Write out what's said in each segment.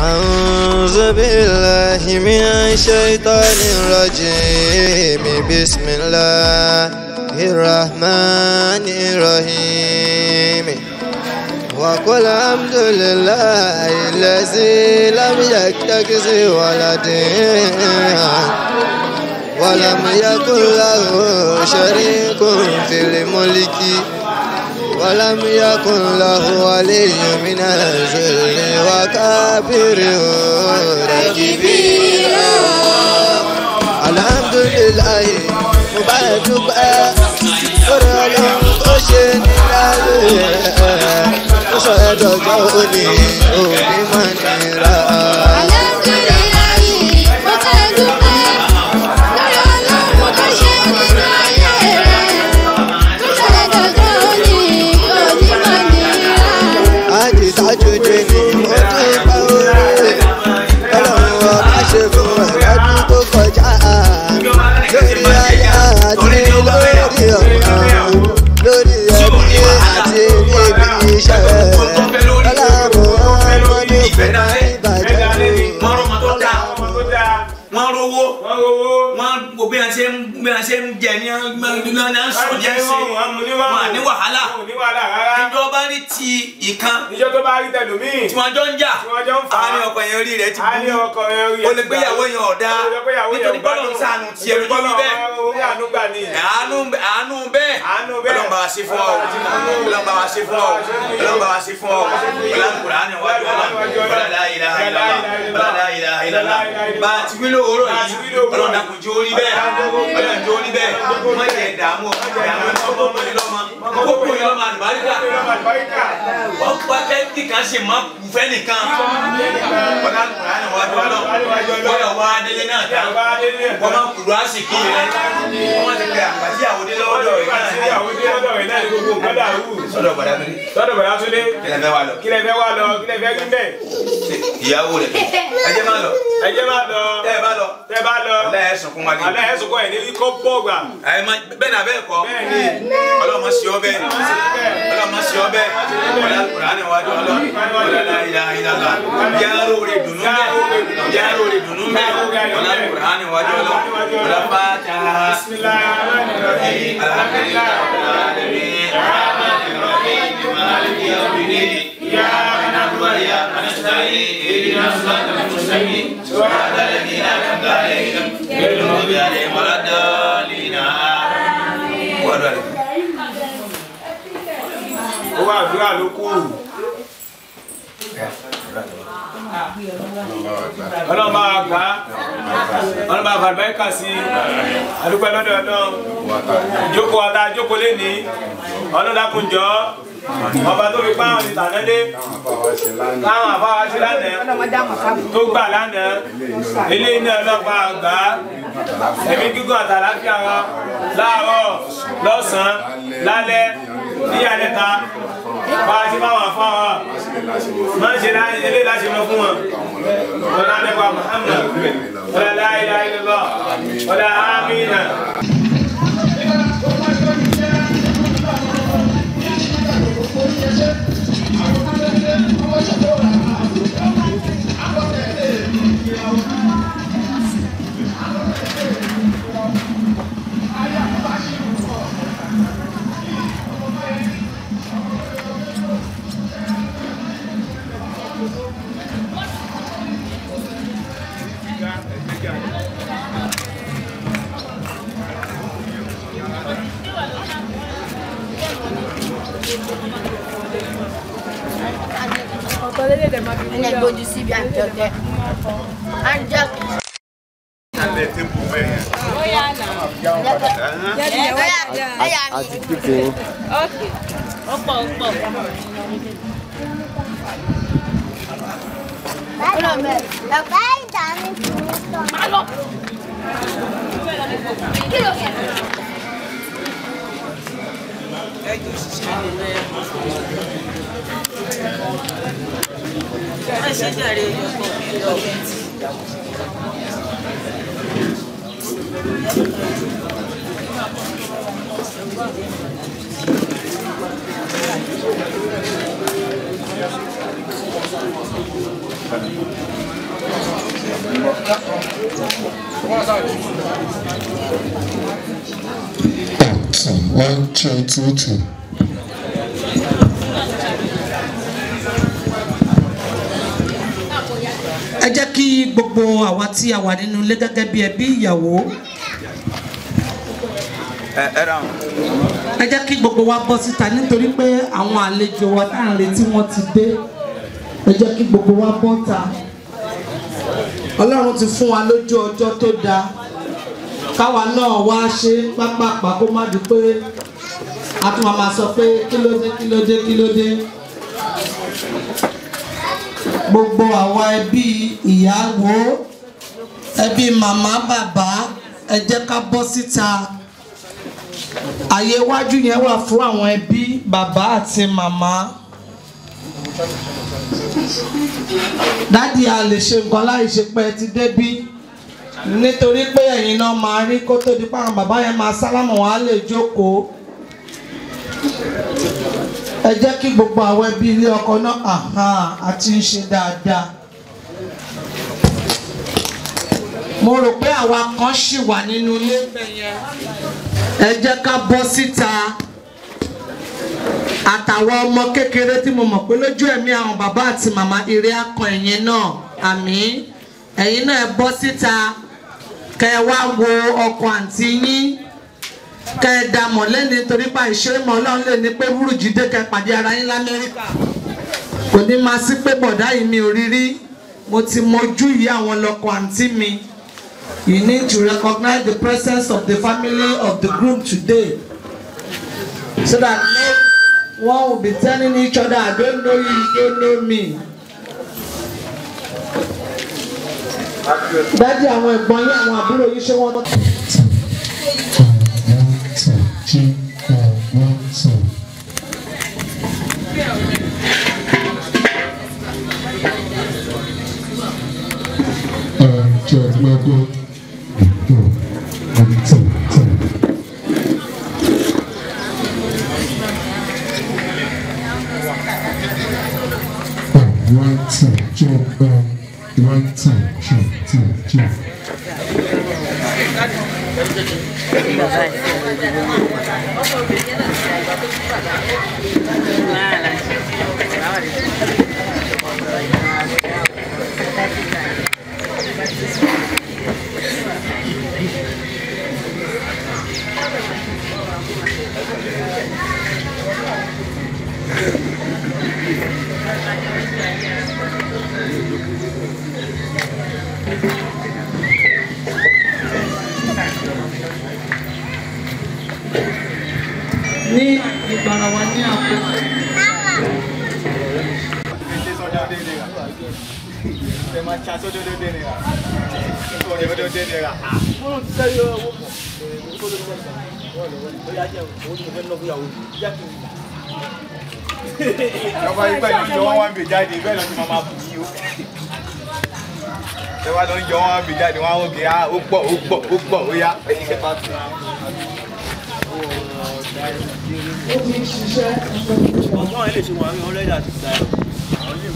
أعوذ بالله من الشيطان الرجيم بسم الله الرحمن الرحيم وقل الحمد لله الذي لم يتخذ ولدا ولم يكن له شريك في الملك ولم يكن له ولي من الذل وكافر رجبيل الحمد لله وبعد بقى قرى لهم قشن الألوية وصدقوني أولي من Yes, I'm ní ti ìkan. níjọ́ tó bá rí tẹlómìn. tí wọ́n jọ ń jà. tí wọ́n jọ ń fa. a ní ọkọ yẹn orí rẹ ti bú. a ní ọkọ yẹn orí rẹ ti bú. olùgbéyàwó yẹn ọ̀dá. olùgbéyàwó yẹn ọ̀dá. nítorí bọ́lọ̀ ń sànù tiẹ̀ lójú mi bẹ́ẹ̀. àánú gbà àánú bẹ́ẹ̀. àánú bẹ́ẹ̀. ọlọ́mọba wa ṣe fún ọ. ọlọ́mọba wa ṣe fún ọ. ọlọ́mọba wa ṣe fún ọ. ọlọ́mọkùnrin wájú ọlọ́mọ kókó yẹn lọ́mọ àlùbáríkà ọ̀pọ̀ akẹ́kì kan sì máa kú fẹ́ nìkan ọ̀dà kùrà ni wàá dúró lọ bọ́yọ̀ wá délé náà dá wọ́n máa kúrò àsìkí rẹ̀ wọ́n ti pè àpàtì àwòdé lọ́dọ̀ rẹ̀ náà sọ́dọ̀ bàdá tó dé sọ́dọ̀ bàdá tó dé kílẹ̀ fẹ́ wà lọ kílẹ̀ fẹ́ wà lọ kílẹ̀ fẹ́ kí n bẹ̀. ìyàwó rẹ̀ ẹ jẹ́ máa lọ ẹ jẹ́ máa lọ tẹ́ ẹ bá lọ tẹ́ ẹ bá lọ aláyẹ̀ sunkún wa ni aláyẹ̀ sunkún ẹ̀ ní kó bọ̀ gbà. bẹ́ẹ̀ ni abẹ́ kọ́. bẹ́ẹ̀ ni má ṣe ọbẹ̀ ọlọ́run má ṣe ọbẹ̀ ọlá kùránì wá dùn ọlọ́run ọlá láyà ìlàlá yàrá òde dùnú mẹ́ yàrá òde dùnú mẹ́ ọlá kùránì wá dùn ọlọ́run ọlá fàtà سبحان الذي لا نبى عليهم غير المغضوب عليهم ولا الضالين. ó wà àdúrà ló kù. ọlọ́run bá wa gbà á ọlọ́run bá fàdúrà yìí kà sí i àdúgbò ẹlọ́dọ̀ ọlọ́run ìjókòó ọ̀la ìjókòó lé ní ọlọ́dàkùnjọ́ ọba tó fi páwọn ti tàná dé káwọn àbáwá ṣe lánàá tó gbà lánàá eléyìí náà ọlọ́pàá àgbà ẹ̀mí gígùn àtàlàfíà wa láàárọ̀ lọ́sàn-án lálẹ́ níyàlẹ́ta bá a ti máa ń ṣe ilé láti lọ fún wọn wọn lánàá pa Muhammad wọn lálẹ́ àìlá ìlú lọ And I'm going to see Bianca there. And Jackie. And let him go there. Oh, yeah, now. Yeah, yeah, yeah. Okay. Opa, opa. Malo. Quiero que. Ay, tú sí, 我今晚就支持。ẹ jẹ́ kí gbogbo àwa tí a wà nínú ilé gẹ́gẹ́ bí ẹbí ìyàwó ẹ jẹ́ kí gbogbo wa bọ́ síta nítorí pé àwọn àlejò wa tá à retí wọ́n ti dé ẹ jẹ́ kí gbogbo wa bọ́ ta ọlọ́run ti fún wa lójú ọjọ́ tó dáa káwa náà wá ṣe pápápá kó má di pé a tún máa sọ pé kí ló dé gbogbo àwa ẹbí ìyàwó ẹbí màmá bàbá ẹ jẹ́ ká bọ́ síta àyè iwájú yẹn wà fún àwọn ẹbí bàbá àti màmá dádì a lè ṣe nǹkan láì ṣe pé ẹ ti débí nítorí pé ẹ̀yin náà máa rí kó tó di pé bàbá yẹn máa sálámù wọn lè jókòó ẹ jẹ́ kí gbogbo àwọn ẹbí ilé ọkọ náà àti ń ṣe dáadáa mo rò pé àwa kan ṣì wà nínú ilé ẹ jẹ́ ká bọ́ síta àtàwọn ọmọ kékeré tí mo mọ̀ pé lójú ẹ̀mí àwọn bàbá àti màmá ire akàn ẹ̀yin náà àmín ẹ̀yin náà ẹ bọ́ síta kẹ́ wá wo ọkọ àǹtí yín kẹ́ ẹ dá mọ̀ lẹ́ni torí pa ìṣe mọ̀ ọlọ́run lè ní pé Burujide kẹ́ pàdé ara yín l'Amẹ́ríkà kò ní máa sí pé bọ̀dá yìí mi ò rí mo ti mọjú ìyá àwọn lọ́kọ àǹtí mi you need to recognize the presence of the family of the groom today so that one will be telling each other I don't know you you don't know me. dájú àwọn ẹ̀gbọ́n yín àwọn àbúrò yín ṣé wọ́n. Agbako. ìjọba yìí pẹ̀lú ìjọ wọn wá bè jáde bẹ́ẹ̀ lọ́sí máa máa bù yí o ìjọba tó ń jọ wọn bè jáde wọn á wọ́n ah, ó pọ̀ ó pọ̀ ó pọ̀ ó yá. ọgbọ́n ẹ lè ṣe wàá ọlẹ́dà ti ta ẹ̀.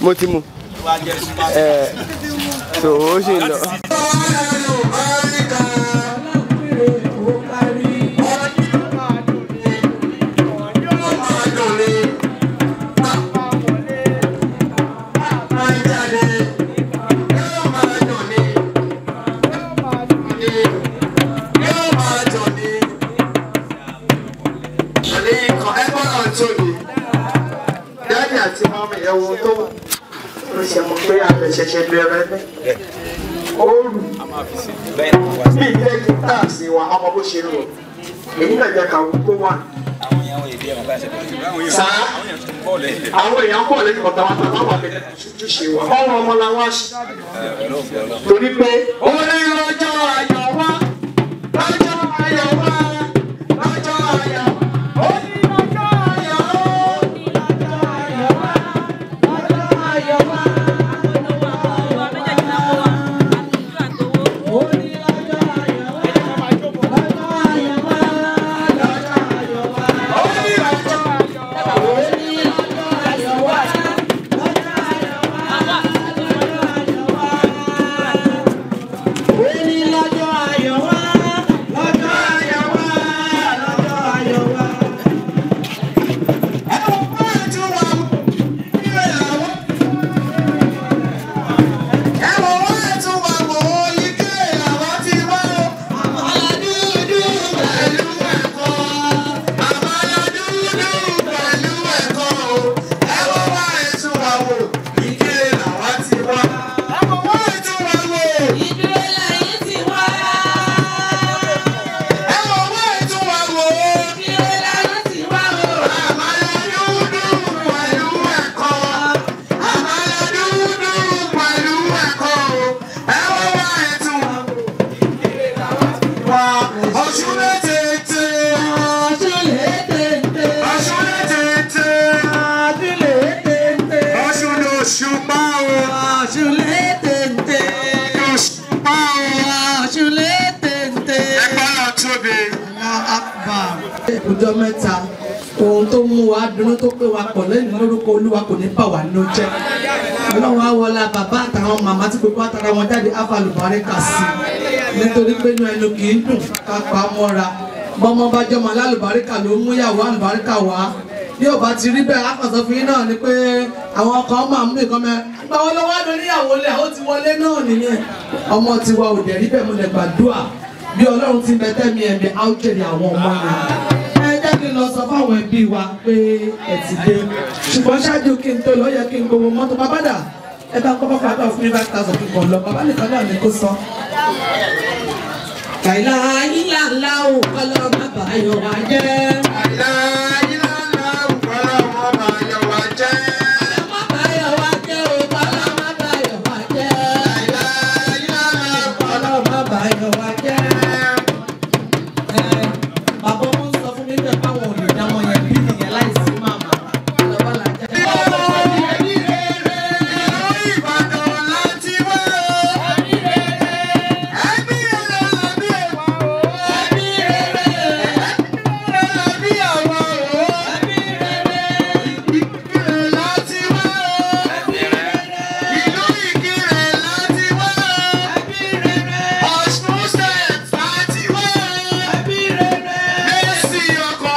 mo ti mu ẹ eh, so ó ṣì lọ. ṣẹ̀ṣẹ̀ bẹ̀rẹ̀ ní oòrùn bí ilé kí táàsì wa ọmọ bó ṣe rò èyí náà jẹ́ kàwé tó wà. sáà àwọn èèyàn pọ̀ lẹ́yìn ọ̀tá wọn tàbá wà lẹ́yìn ṣíṣe wa ọmọ ọmọ làwọn aṣọ torí pé ó ní. olúwa kò ní bà wá nínú jẹ́ ọlọ́run á bàbá àtàwọn màmá tí gbogbo àtàrà wọn jáde àfàlùbáríkà sí nítorí pé inú ẹnu kì í dùn ká mọ́ra bọ́mọ bá jọmọ alálùbáríkà ló mú yàwó àlùbáríkà wá bí ò bá ti rí bẹ́ẹ̀ akọ̀sọ́ náà ni pé àwọn ọkọ̀ ọmọ àmú nìkan mẹ́ gba wọn lọ́wọ́ àdó níyàwó lẹ̀ ó ti wọlé náà nìyẹn ọmọ tiwa ò rí bẹ́ẹ̀ mo lè gbàdúrà bí ọlọ́run ti mẹ́tẹ́ ẹ̀mí áújẹ̀ ni àwọn ọmọ mi sáré lọ sọ fáwọn ẹbí wa pé ẹ ti dé ṣùgbọ́n ṣáájú kí n tó lọ yẹ kí n gbowó mọ́tò bàbá dà ẹ bá kọ́ bàbá àgbà fún mi five thousand kí kàn lọ bàbá lè sáré àmì kó sọ. kàìlà yíyá ò kọ́ bàbá ayọ̀ wá jẹ́. kàìlà. see your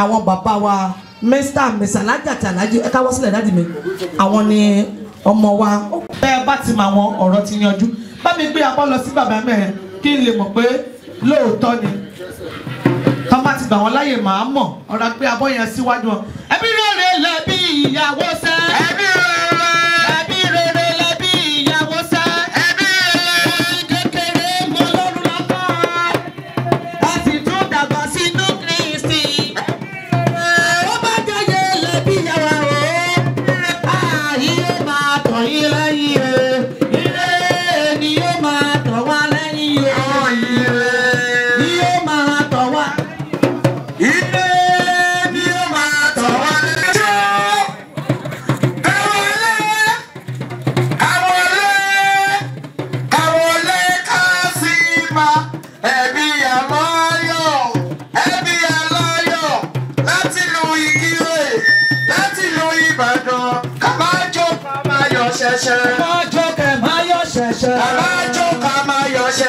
àwọn bàbá wa mr mẹsàlájà tàlájú ẹ káwọ́ sílẹ̀ dáàdì mi àwọn ni ọmọ wa bẹ́ẹ̀ bá ti mọ àwọn ọ̀rọ̀ ti yanjú bá mi gbé apá lọ sí bàbá mẹ́rin kí n lè mọ̀ pé lóòótọ́ ni tọ́ba ti gbà wọ́n láyè màá mọ̀ ọ̀rọ̀ gbé abọ́ yẹn síwájú ẹbí rẹ̀ lẹ́bi ìyàwó sẹ́. ẹbí rẹ̀.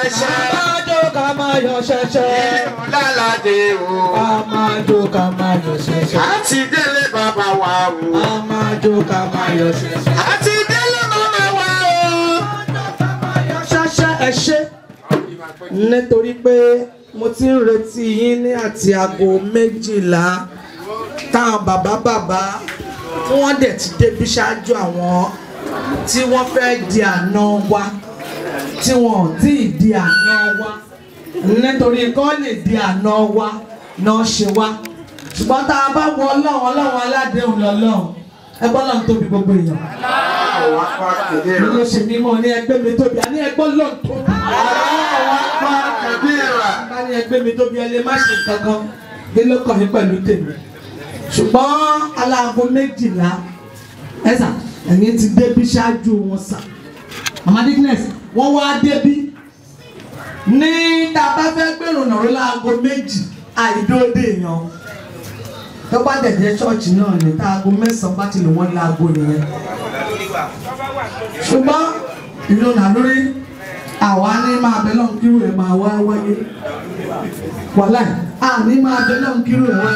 ṣẹṣẹ. Amadu ká máa yọ ṣẹṣẹ. Ìlú lálàdé o. Amadu ká máa yọ ṣẹṣẹ. Àti délé bàbá wa o. Amadu ká máa yọ ṣẹṣẹ. Àti délé màmá wa o. Amadu ká máa yọ ṣẹṣẹ. Ẹ nítorí pé mo ti ń retí yín ní àti aago méjìlá táwọn bàbá bàbá wọ́n dẹ̀ ti débi ṣáájú àwọn tí wọ́n fẹ́ di àná wa tí wọn ò di àná wa nítorí kọ́ lè di àná wa náà ṣe wá ṣùgbọ́n tá a bá wọ ọlọ́run ọlọ́run aládéhùn lọ́lọ́run ẹgbọ́n náà tóbi gbogbo èèyàn. mi ló ṣe mímọ́ ní ẹgbẹ́ mi tóbi àní ẹgbọ́n náà tóbi. bá ní ẹgbẹ́ mi tóbi ẹ lè má ṣe kankan ní ló kàn mí pẹ̀lú tèmi. ṣùgbọ́n aláàbò méjìlá ẹ̀sà ẹ̀yìn ti débí ṣáájú wọn sàn mama Dickness wá débí ní tá a bá fẹ́ gbèrò nàró láago méjì àìdóde èèyàn tó bá dẹ̀jẹ̀ ṣọ́ọ̀ṣì náà ní tá aago mẹ́sàn-án bá ti lò wọ́n láago nìyẹn ṣùgbọ́n ìlànà lórí àwa ní máa bẹ lọ́n kírú ẹ̀ máa wá wáyé wàhálà àní máa bẹ lọ́n kírú ẹ̀ wá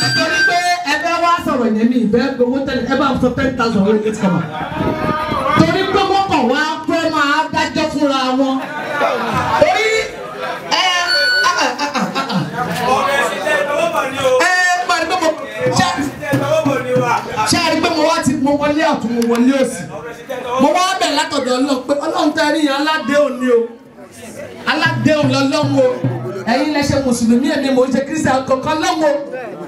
nítorí pé ẹ fẹ́ wá sọ̀rọ̀ yẹn mi ìfẹ́ gbowó tẹ́lẹ̀ ẹ bá sọ ten thousand owó ẹ̀ ní torí pé wọ́n wá wọn. torí ẹ ẹ máa ní pé mo ṣe àrí pé mo wá ti mo wọlé ọ̀tún mo wọlé òsì mo wá bẹ̀ látọ̀dọ̀ ọlọ́run pé ọlọ́run tẹ́ rí yan aládéhùn ni o aládéhùn lọ́lọ́run o ẹ̀yin lẹ́sẹ̀ mùsùlùmí ẹ̀mí mo ń ṣe kírísítà kankan lọ́wọ́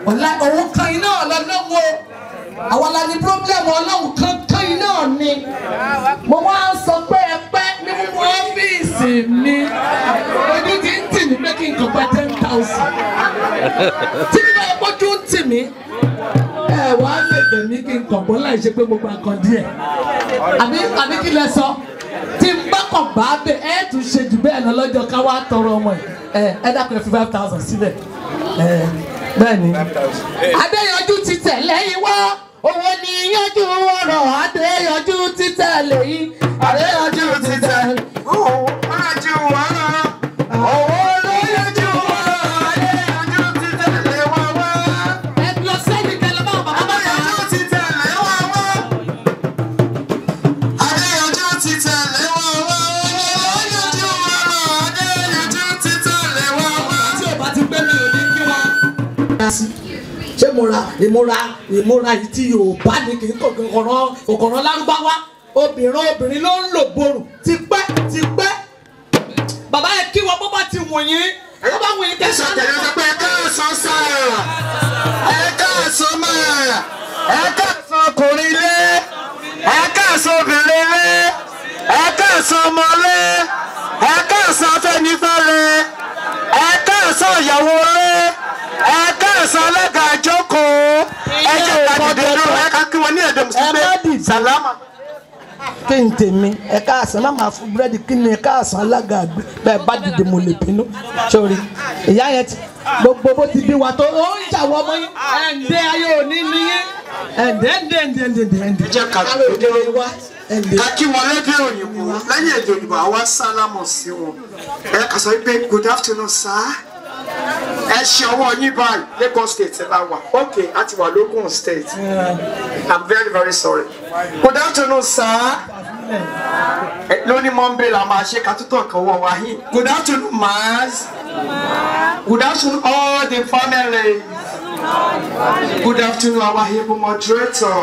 òun kan iná ọlọ́lọ́wọ́ àwọn la ní pírọ́blẹ́mù ọlọ́run kan kan iná ni mo wá ń sọ pé You making nkɔkɔ ten thousand tìmí náà bójú you tìmí ẹ wà á lè bẹ̀ mí kí n kọ̀kọ́ láì ṣe pé mo gba nǹkan díẹ̀ àbí àbí kí lẹ sọ tí n bá kàn bá bẹ ẹ tún ṣe jù bẹ́ẹ̀ lọ lọ́jọ́ ká wá tọrọ ọmọ ẹ ẹ dákun ẹ fi five thousand sílẹ̀ ẹ bẹ́ẹ̀ ni. adéyanjú ti tẹ̀ lẹ́yìn wá I ni yanjú ọ̀rọ̀ adéyanjú ti tẹ̀ lẹ́yìn adéyanjú ti tẹ̀ lẹ́yìn I yanjú ọ̀rọ̀ owó. ìmúra ìmúra yìí tí Yorùbá ní kì í kòkòrò kòkòrò lárúbáwá obìnrin obìnrin ló ń lò borù tipẹ́ tipẹ́ bàbá yẹn kí wọn bó bá ti wọ̀nyí ẹ bá wọ̀nyí tẹ̀sán. ẹ sọ pé ẹ káàsán sáà ẹ káàsán máa ẹ káàsán ọkùnrin lé ẹ káàsán obìnrin lé ẹ káàsán ọmọ lé ẹ káàsán afẹ́nifẹ́ lé ẹ káàsán ìyàwó lé ẹ káàsán alága àjọkòó ẹ jẹ́ ìdádìde náà ẹ ká kí wọn ní èdè mùsùlùmí sàlámà. téńté mi ẹ káàsán má máa fún búrẹ́dì kí ni ẹ káàsán alága àgbẹ̀ bẹ́ẹ̀ bá dìde mo lè bínú sórí ìyá yẹn ti gbogbo bó ti bí wa tó ó ń jà wọ́n mọ́ yín ẹ̀ǹdẹ́ ayé òní ní yín ẹ̀ǹdẹ́ ẹ̀ǹdẹ́ ẹ̀ǹdẹ́ ẹ̀ǹdẹ́ ẹ̀ǹdẹ́. ẹ jẹ́ ká kí wọn lédè òyìnbó lẹ́yìn èdè òyìnbó àwa sálámọ̀ sí wọn ẹ kà sọ pé good afternoon sir ẹ ṣe ọwọ́ yín báyìí Lagos state ẹ bá wà ok a wà lógún state i'm very very sorry good afternoon sir lónìí monday la máa ṣe kàtúntàn kan wọ wáyé good afternoon maas good afternoon all the family good afternoon our able moderator.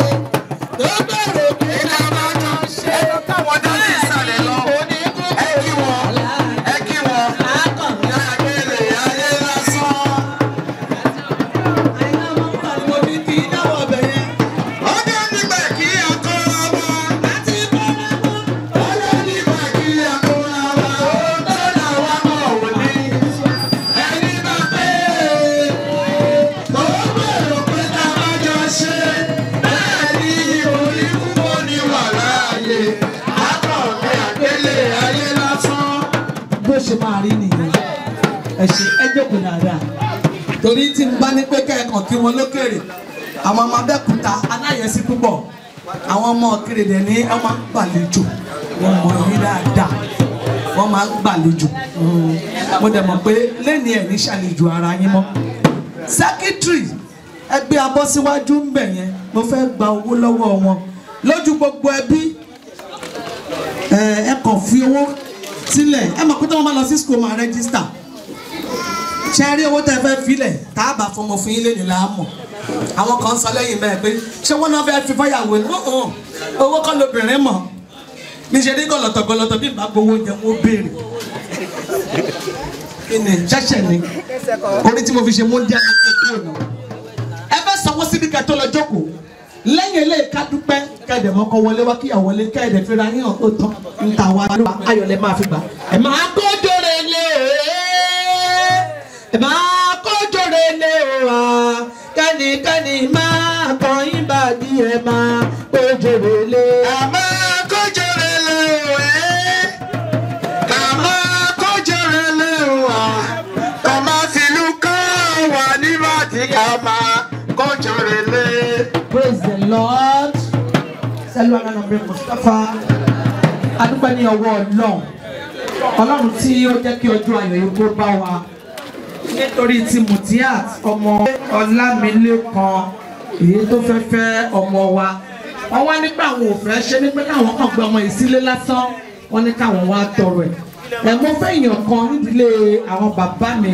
ẹ ṣe ẹ jókòó dáadáa. torí tí n bá ní pé kẹ́ẹ̀kan kí wọn lókèrè àwọn ọmọ abẹ́kúta aláyẹ̀sí púpọ̀ àwọn ọmọ kérèdè ní ọmọ gbàlejò wọn mọ yín dáadáa wọn máa ń gbàlejò mo dẹ̀ mọ̀ pé lẹ́ni ẹ̀ ní ṣàlejò ara yín mọ́ sẹ́kítírì ẹgbẹ́ abọ́síwájú ń bẹ̀ yẹn mo fẹ́ gba owó lọ́wọ́ wọn lójú gbogbo ẹbí ẹ kàn fi owó sílẹ̀ ẹ mọ̀ pé tí wọ́n bá lọ sí school máa rẹ́gísítà ṣe rí owó tẹ́ fẹ́ filẹ̀ tá a bá fọmọ fún yín lẹ́nu làá mọ̀ àwọn kan sọ lẹ́yìn bẹ́ẹ̀ pé ṣé wọ́n náà fẹ́ fi fọ́yàwó ni owó kọ́ lobìnrin mọ̀ níṣẹ́ ní gọlọ́tọ̀ gọlọ́tọ̀ bí bá gbowó jẹ wọ́n béèrè kíni ṣẹ́ṣẹ̀ ni orí tí mo fi ṣe mú díẹ̀ ní kékeré nù ẹ fẹ́ sanwó síbi ká tó lọ jókòó lẹ́yìn eléyìí ká dúpẹ́ kẹ́ẹ̀dẹ̀ mọ́kọ́ wọlé wá kíyà wọlé kẹ́ẹ̀dẹ̀ fira yín ọ̀ tó tán ń ta máa fi gbà ẹ̀ máa kó dòrè lé e máa kójó relé o wa kẹ́nikẹ́ni máa kọ́ yín bàdí ẹ̀ máa kójó relé. àmọ́ kójó relé o ẹ́ àmọ́ kójó relé o wa kàmá sílù kọ́ wà níbàdí àmọ́ kójó relé. Praise the Lord sẹ́lú alánàbẹ̀ Mustapha adúpẹ́ ní ọwọ́ Ọlọ́run Ọlọ́run tí ó jẹ́ kí ọjọ́ ayọ̀ yìí kó bá wa nítorí ti Mutiat ọmọ Ọlámilékan èyí tó fẹ́ fẹ́ ọmọ wa wọ́n wá nígbà àwọn ò ṣe nígbà káwọn kàn gbé ọmọ yìí sílé lásán wọ́n ní káwọn wá tọrọ ẹ̀ ẹ̀ mo fẹ́ èèyàn kan nídìílé àwọn bàbá mi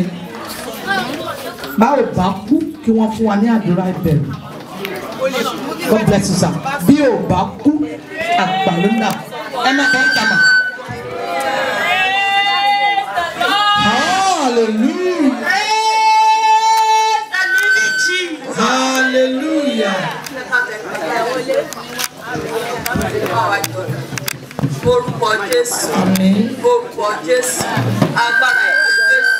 báwo bá kú kí wọ́n fún wa ní àdúrà ìbẹ̀rù God bless you sir bí ò bá kú àgbàlú ẹ má kẹ́ ń kàmà. Hallelujah. Orúkọ Jésù. Orúkọ Jésù. Agbára ẹ̀kọ́ Jésù.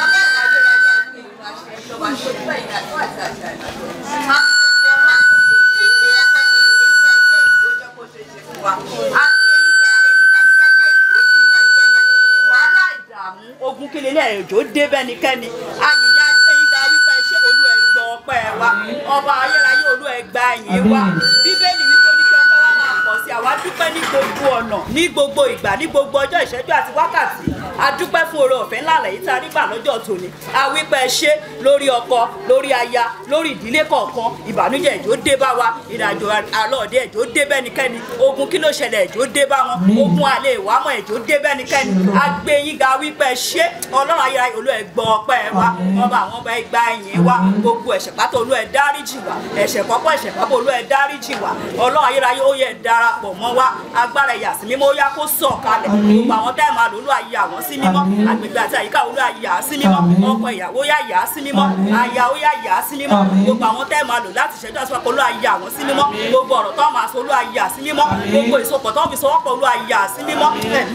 Agbára adérajà ní ìlú àṣẹ ìjọba ṣe fún ẹ̀yìn àjọ àti àṣà ìjọba. Ogun kele ilé ẹ̀jọ́ dé bẹ́nikẹ́ni. Ayìnyá dé ìdá wípé ṣé olú ẹ̀gbọ́n ọpẹ́ wa. Ọba ayérayé olú ẹ̀gbá ẹ̀yìn wa gbogbo ọ̀nà ní gbogbo ìgbà ní gbogbo ọjọ́ ìṣẹ́jú àti wákàtí adúpẹ́ fún oore ọ̀fẹ́ ńlá àlàyé tá a rí gbà lọ́jọ́ tòní àwípẹ́ ṣe lórí ọkọ lórí aya lórí ìdílé kọ̀ọ̀kan ìbànújẹ́ ẹ̀jọ́ dé bá wa ìrìnàjò àlọ́ọ̀dẹ ẹ̀jọ́ dé bẹ́nikẹ́ni ogun kí ló ṣẹlẹ̀ ẹ̀jọ́ dé bá wọn ogun alẹ́ ìwámọ̀ ẹ̀jọ́ dé bẹ́nikẹ́ni agbẹ́yìnga wípẹ́ ṣe ọlọ́run ayé olú ẹ̀gbọ́n ọpẹ́ wa wọn bá àwọn ọba ìgbà ẹ̀yìn wa gbogbo ẹ̀ṣẹ̀ pátá olú ẹ̀ dáríjì wa ẹ̀ṣẹ̀ kọ́kọ́ ẹ̀ṣẹ̀ pápá olú ẹ̀ dáríjì wa ọlọ́run ayérayé ó yẹ darapọ̀ mọ́ wa agbára ìyàsímímọ́ ó yá kó sọ̀kalẹ̀ gbogbo àwọn táìmù àlòlú ayé àwọn sí mímọ́ àgbègbè àti àyíká olú àyà sí mímọ́ ọkọ ìyàwó yà yà sí mímọ́ àyà ó yà yà sí mímọ́ gbogbo àwọn tẹ́ máa lò láti ṣẹ́jú àti ọkọ̀ olú àyà wọ́n sí mímọ́ gbogbo ọ̀rọ̀ tó máa sọ olú àyà sí mímọ́ gbogbo ìsopọ̀ tó fi sọ ọkọ̀ olú àyà sí mímọ́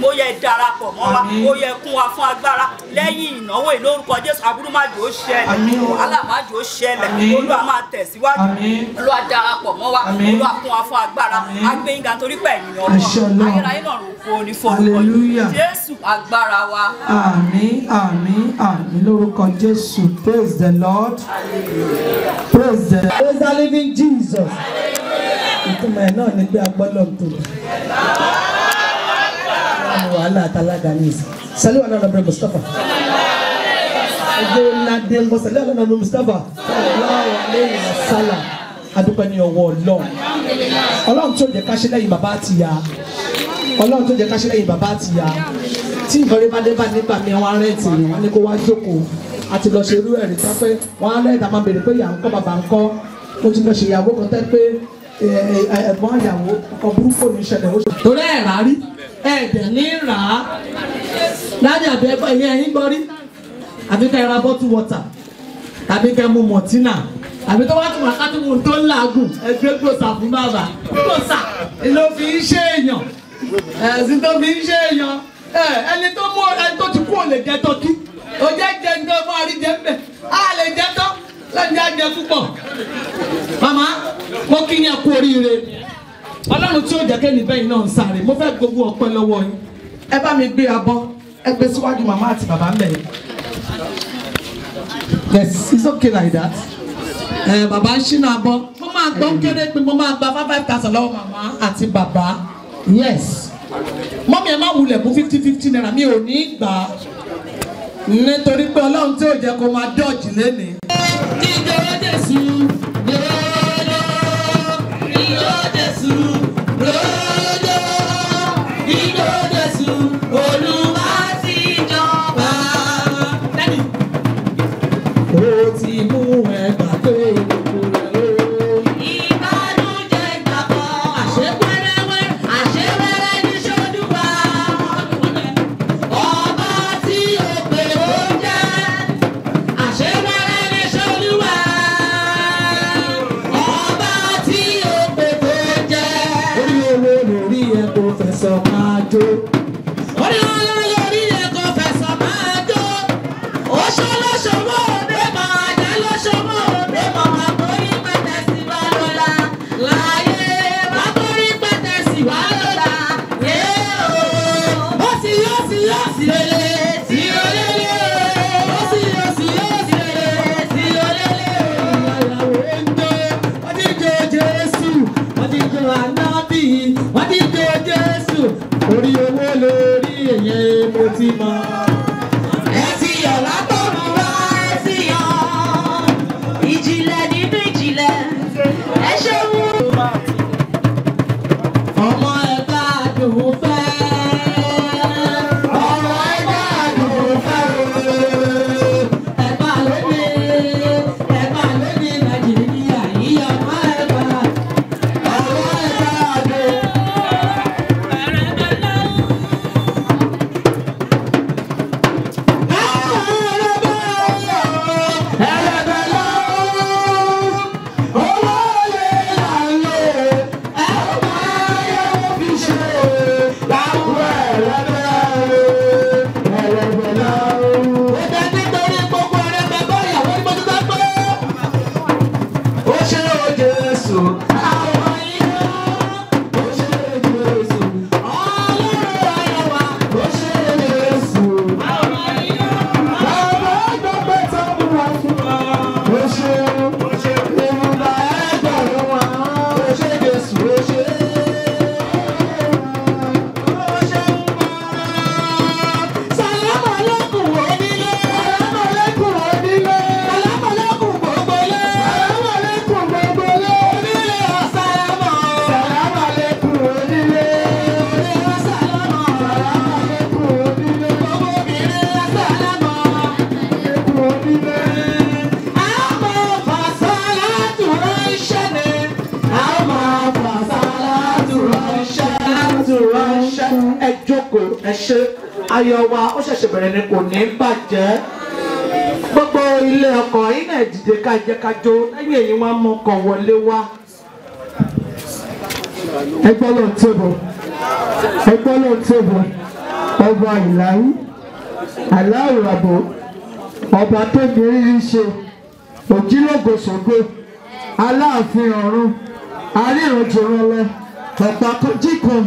ó yẹ darapọ̀ mọ́ wa ó yẹ kún wa fún agbára lẹ́yìn ìnáwó ìlórúkọ Jésù aburú má jò ó ṣẹlẹ̀ wàhálà má jò ó ṣẹlẹ̀ Olúwa máa tẹ̀síwájú Olúwa darapọ̀ mọ́ wa Olúwa kún wa fún agbára agbẹ́yìnga torí pẹ̀yìn ọ̀rọ̀ ayérayé náà rò kó o ní fọ́ọ̀rọ̀ Jésù agbára wa. àmín àmín àmín lórúkọ jésù praise the lord praise the praise the living jesus ìtumọ̀ ẹ̀ náà ni pé agbọ́dọ̀ tó wàhálà àtàlágà ní ìsìn sẹ́lẹ̀ wà lọ́dọ̀ bẹ̀rẹ̀ mustapha ẹgbẹ́ nàdé mọ̀sálẹ̀ wà lọ́dọ̀ mustapha ọlọ́wọ́ lẹ́yìn sálà adúpẹ́ ní ọwọ́ ọlọ́run ọlọ́run tó jẹ́ ká ṣe bàbá àtìyá ọlọ́run tó jẹ́ ká ṣe bàbá àtìyá tí nǹkan rí bá dé bá nígbà mi wọn rẹ́ǹtì yẹn wọn ni kó wá jókòó àti lọ ṣe irú ẹ̀ rí pápẹ́ wọn á rẹ́ǹtì àmọ́ bèrè pé ìyá ń kọ́ bàbá ń kọ́ ó ti lọ ṣe ìyàwó kan tẹ́ pé ẹ̀gbọ́n ìyàwó ọkọ burúkú ní ìṣẹ̀lẹ̀ ó ṣe. torí ẹ̀ rà rí ẹ̀ ní rà á lájà bẹ ẹ̀yìn ẹ̀yìn gbọ́ rí àbí ká ra bottle water àbí ká mu mọ̀tínà àbí tó wá tó wà ká tó wò tó ń làágùn ẹgbẹ́ gbòòsà fún bàbá gbòòsà ló fi ń ṣe èèyàn ẹ̀sìn tó fi ń ṣe èèyàn ẹni tó mú ẹni tó ti kú ò lè jẹ tó kí ò jẹ jẹ ní ọmọ àrí jẹ mbẹ á lè jẹ tó lẹ́yìn ajẹ púpọ̀ màmá mo kí ni ẹkú oríire ọlọ́run tí ó jẹ́ kẹ́ni bẹ́yìn náà ń sáré mo fẹ́ gbogbo ọpẹ́ lọ́wọ́ yín ẹ bá mi gbé abọ́ ẹ gbé síwájú màmá àti bàbá ń yìí yes it's okay like that ẹ bàbá ń ṣínà abọ́ mo máa gbọ́ kéré pé mo máa gba five thousand lọ́wọ́ màmá àti bàbá yes mọ́mí ẹ má wulẹ̀ fún fifty fifty naira mi ò ní gbà á nítorí pé ọlọ́run tí ò jẹ́ kó máa dọ́ọ̀jì lénìí. oh ìjọba dé sùn lọ́dọ̀ ìjọba dé sùn lọ́dọ̀ ìjọba dé Santo. Fatima. ẹ jẹ́ ká jó lẹ́yìn èyí wọ́n á mú kàn wọlé wá. ẹgbẹ́ ló ń tèbọ̀ ẹgbẹ́ ló ń tèbọ̀ ọba ìlàyé aláìràbò ọba tó ní rírí ṣe òjìlógo ṣògo aláàfin ọ̀run aríranjìrànlẹ ọ̀pá kọjí kan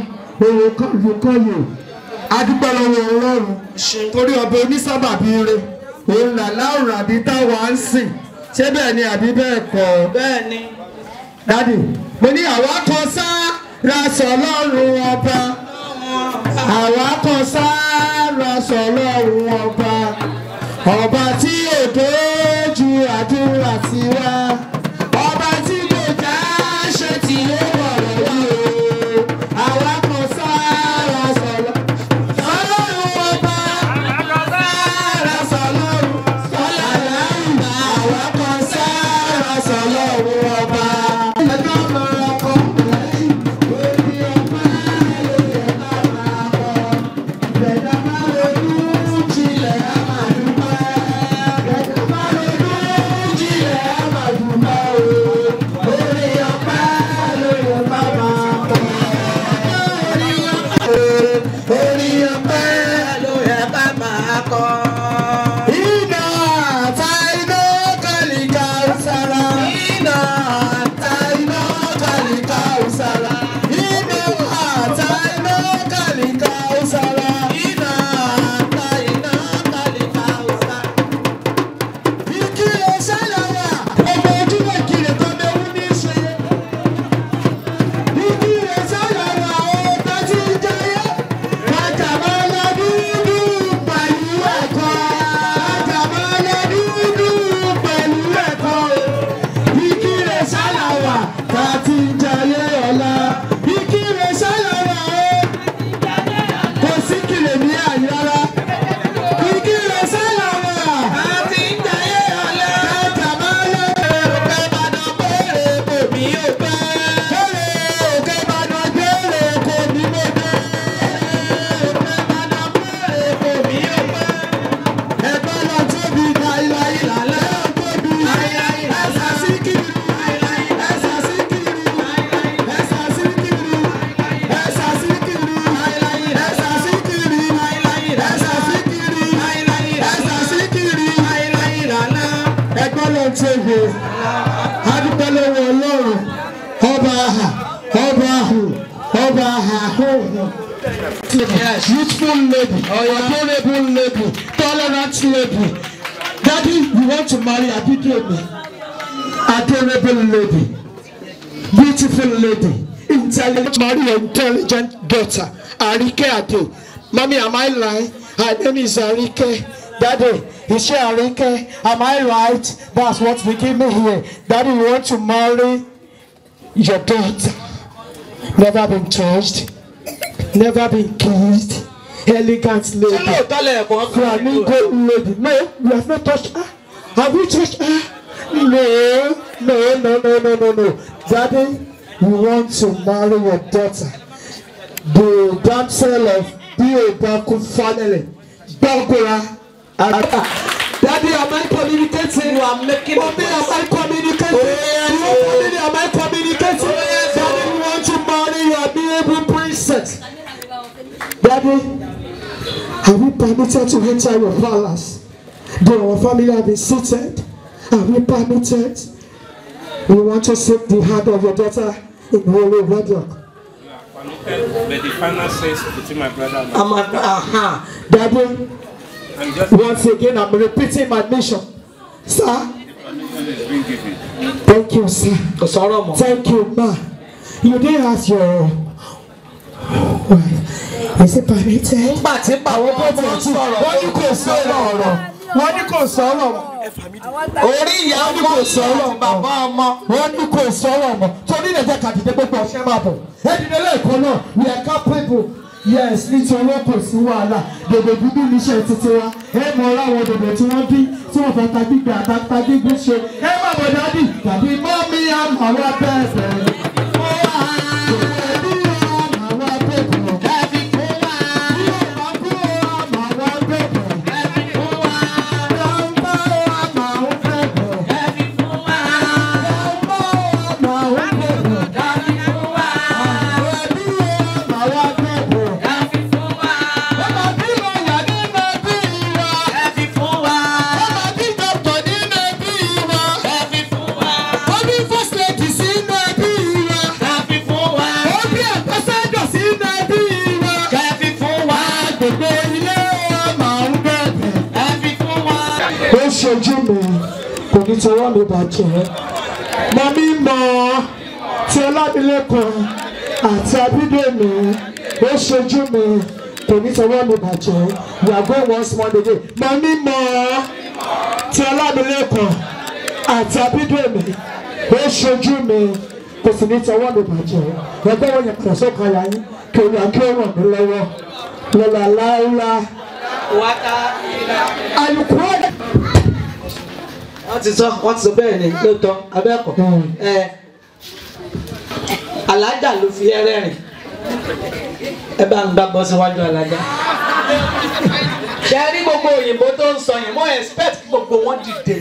èrò kan lù kan yò adúpẹ́ lọ́wọ́ ọlọ́run torí ọba onísábàbí rẹ̀ òun làlá òràbí táwa ń sìn ṣé bẹ́ẹ̀ ni àbí bẹ́ẹ̀ kọ́. bẹ́ẹ̀ ni. dádì mo ní àwa kan sá ra sọlọ́run ọba àwa kan sá ra sọlọ́run ọba ọba tí òdòjú àdúrà sí wa. Daddy, mommy, am I right? My name is Arike. Daddy, is she Arike? Am I right? That's what we give me here. Daddy, you want to marry your daughter? Never been touched, never been kissed. Elegant lady, flamingo lady. No, we have not touched her. Have we touched her? No, no, no, no, no, no, no. Daddy, you want to marry your daughter? the damsel of Biobaku family. Bakura. Daddy, am I communicating? You are making Mommy, am I communicating? Oh, yes. You are oh. family, am I communicating? Oh, yes. Oh. Daddy, we want you money, you are being princess. Daddy, have you permitted to enter your palace? Though our family have been seated, have you permitted? We want to seek the hand of your daughter in holy wedlock. Committed, but the final says between my brother and my I'm an, uh-huh. Daddy, once again, I'm repeating my mission. Sir, Thank you, sir. Thank you, ma. You didn't ask your wife. Is it permitted? Nígbà tí bàbá ọmọ ń sọ̀rọ̀, wọ́n ní kò sọ̀rọ̀ orí ìyá ní kò sọ̀rọ̀ bàbá ọmọ wọn ní kò sọ̀rọ̀ ọmọ torí lè jẹ́ ká dìde gbogbo ọ̀ṣẹ́ máa bọ̀ ẹ dìde lẹ́ẹ̀kan náà we are capable yes nítorí kò sí wàhálà dòdò dúdú níṣẹ́ títí wa ẹ mọ ọláwọ dòdò tí wọ́n bí tí wọ́n fẹ́ ta gbígbé àtàgbígbé ṣe ẹ má bọ̀ dádì tàbí mọ́mí àmọ́ àwọn abẹ́ ẹ̀fẹ́. bàjẹ́ mọ́mí mọ́ ti ọlámilékan àti abídèmí ó ṣojú mi kò ní tọwọ́ mi bàjẹ́ yàgò wọn small dédé mọ́mí mọ́ ti ọlámilékan àti abídèmí ó ṣojú mi kò sì ní tọwọ́ mi bàjẹ́ ẹgbẹ́ wọn yẹn kàn sókè ara yín kò ní àkíyèwọ̀n mi lọ́wọ́ lọ́la láúlá. Ayùkú wọ́n ti sọ wọ́n ti sọ bẹ́ẹ̀ ni hmm. lóòótọ́ abẹ́ẹ̀kọ́ hmm. ẹ alájà ló fi ẹrẹ́ rìn ẹ bá ń gbá bọ́ síwájú alájà ṣẹ́rí gbogbo òyìnbó tó ń sọ yẹn mo expect gbogbo wọn dìde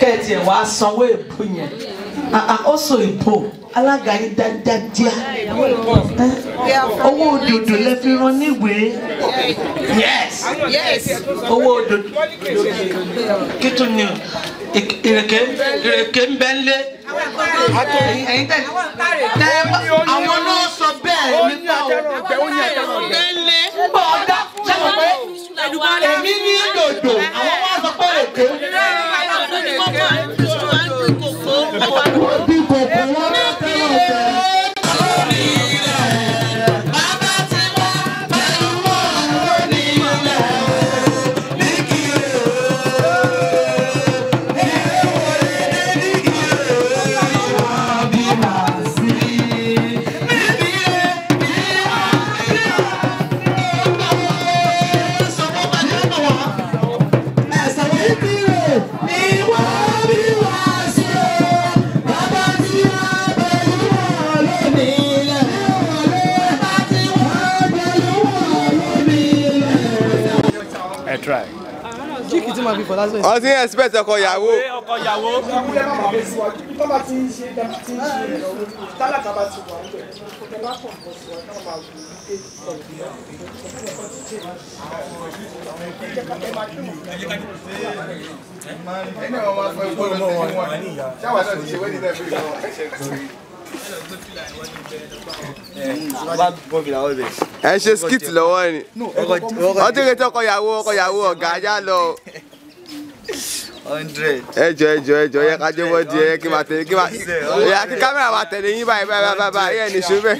kẹ́ẹ̀tì ẹ̀ wá sanwó èbú yẹn are ah, ah, also in poor alága yín dáadáa eh? owó òdòdó lè fi ran níwèé yes owó òdòdó kí tún ni ìrèké ìrèké ń bẹ ń lé ẹ̀yin tẹ ẹ àwọn náà sọ bẹ́ẹ̀ nípa o bẹ ń lé ń bọ ọdá sọ pé èmi ní òdòdó àwọn wá sọ pé èké. ọkọ lásán yìí. ọtí expect ọkọ ìyàwó. ọkọ ìyàwó. ẹ ṣe skit lọ́wọ́ ni ọtí retí ọkọ ìyàwó ọkọ ìyàwó ọ̀gá ajá lọ ẹjọ ẹjọ ẹjọ yẹ ká jẹ bọdì ẹ kí máa tẹ̀lé kí máa yà kí kámẹ́rà máa tẹ̀lé yín báyìí báyìí báyìí báyìí yẹ nìṣó bẹ́ẹ̀.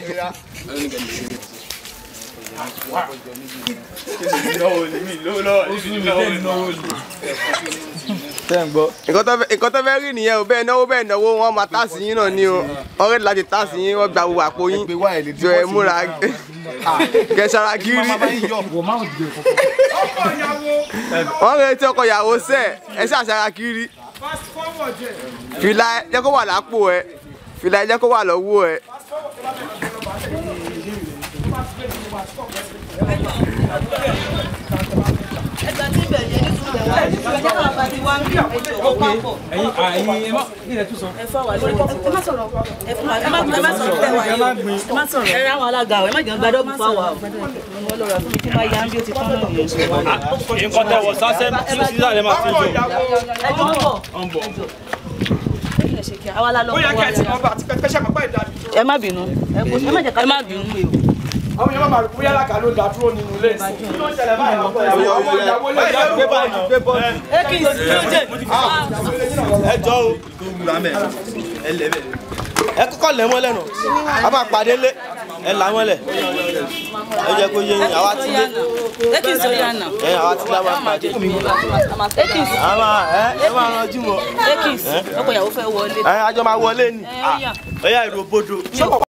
nǹkan tó fẹ́ rí nìyẹn o bẹ́ẹ̀ náwó bẹ́ẹ̀ náwó wọn máa táàsì yín náà ni o ọ̀rẹ́ láti táàsì yín wọ́n gba gbogbo àpò yín jọ ẹ̀ múra kẹsàrà gírí. wọ́n retí ọkọ ìyàwó sẹ́ ẹ ṣe kiri fìlà jẹ́ kó wà lápò ẹ kó wà ẹ. Thank you. nǹkan tẹ wọ sásẹ tí sísá lè máa fi jọ. ẹ jọ ń bọ̀ ń bọ̀ àwa la lọ kọ́ wa ẹ má bínú ẹ má jẹ́ ká má bínú mi o àwọn èèyàn máa rò pé yàrá kan ló dá dúró nínú ilé ìsìn kí ló ń ṣẹlẹ̀ báyìí ọkọ ìyàwó lè yá gbé báyìí gbé bọ́ọ̀lù. ẹ kì í ṣe é jẹ ẹ jọ o ẹ lẹ bẹ ẹ kọ́kọ́ lẹ mọ́ lẹ́nu a máa pàdé lé ẹ là mọ́ lẹ̀ ẹ jẹ́ kó yé yín àwa ti lé ẹ kì í ṣe yá nà ẹ àwa ti lé a máa pàdé ẹ kì í ṣe a máa ẹ ẹ máa ranjú mọ́ ẹ kì í ṣe ọkọ ìyàwó fẹ́ wọlé ẹ àjọ máa wọlé ni ó yá èrò bodò.